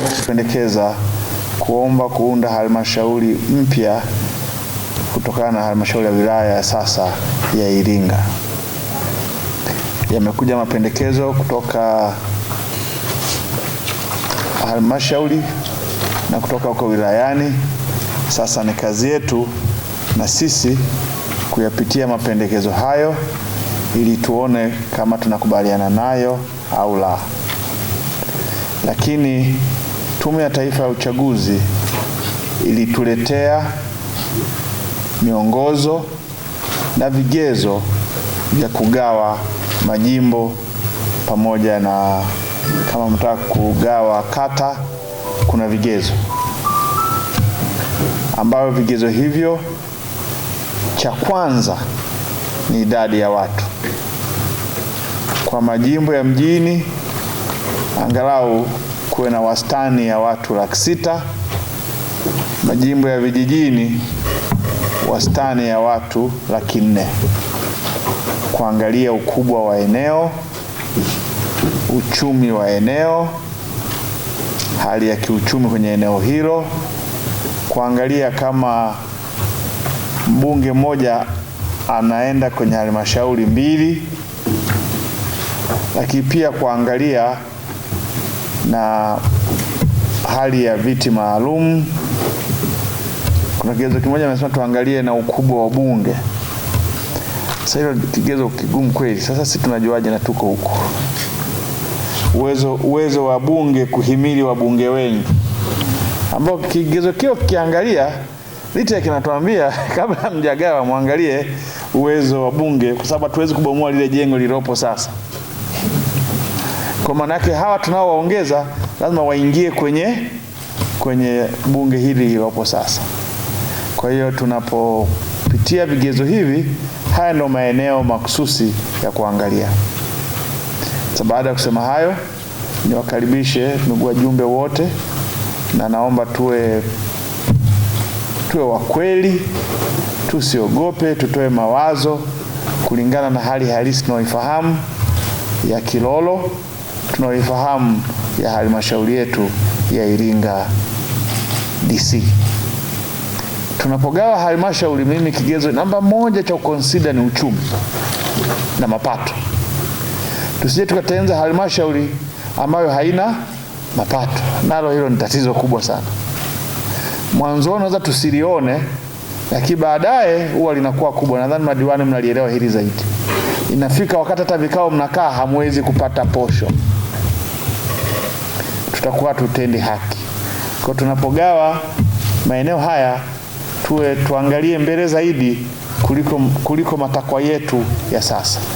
kupendekeza kuomba kuunda halmashauri mpya kutokana na halmashauri ya wilaya ya sasa ya Iringa. Yamekuja mapendekezo kutoka halmashauri na kutoka huko wilayani. Sasa ni kazi yetu na sisi kuyapitia mapendekezo hayo ili tuone kama tunakubaliana nayo au la. Lakini Tume ya Taifa ya Uchaguzi ilituletea miongozo na vigezo vya kugawa majimbo pamoja na kama mtaka kugawa kata, kuna vigezo ambavyo vigezo hivyo, cha kwanza ni idadi ya watu kwa majimbo ya mjini angalau kuwe na wastani ya watu laki sita. Majimbo ya vijijini wastani ya watu laki nne. Kuangalia ukubwa wa eneo, uchumi wa eneo, hali ya kiuchumi kwenye eneo hilo, kuangalia kama mbunge mmoja anaenda kwenye halmashauri mbili, lakini pia kuangalia na hali ya viti maalum. Kuna kigezo kimoja amesema tuangalie na ukubwa wa bunge. Sasa hilo kigezo kigumu kweli. Sasa sisi tunajuaje na tuko huko? Uwezo, uwezo wa bunge kuhimili wabunge wengi ambao kigezo kio kikiangalia licha kinatuambia kabla mjagawa mwangalie uwezo wa bunge, kwa sababu hatuwezi kubomoa lile jengo lililopo sasa. Kwa maana yake hawa tunaowaongeza lazima waingie kwenye kwenye bunge hili wapo sasa. Kwa hiyo tunapopitia vigezo hivi, haya ndio maeneo makususi ya kuangalia. Sasa baada ya kusema hayo, niwakaribishe ndugu wajumbe wote, na naomba tuwe tuwe wakweli, tusiogope, tutoe mawazo kulingana na hali halisi tunaoifahamu ya Kilolo tunaoifahamu ya halmashauri yetu ya Iringa DC. Tunapogawa halmashauri, mimi kigezo namba moja cha kukonsida ni uchumi na mapato. Tusije tukatengeneza halmashauri ambayo haina mapato, nalo hilo ni tatizo kubwa sana. Mwanzoni naweza tusilione, lakini baadaye huwa linakuwa kubwa. Nadhani madiwani mnalielewa hili zaidi. Inafika wakati hata vikao mnakaa hamwezi kupata posho tutakuwa tutende haki. Kwa tunapogawa maeneo haya tuwe tuangalie mbele zaidi kuliko, kuliko matakwa yetu ya sasa.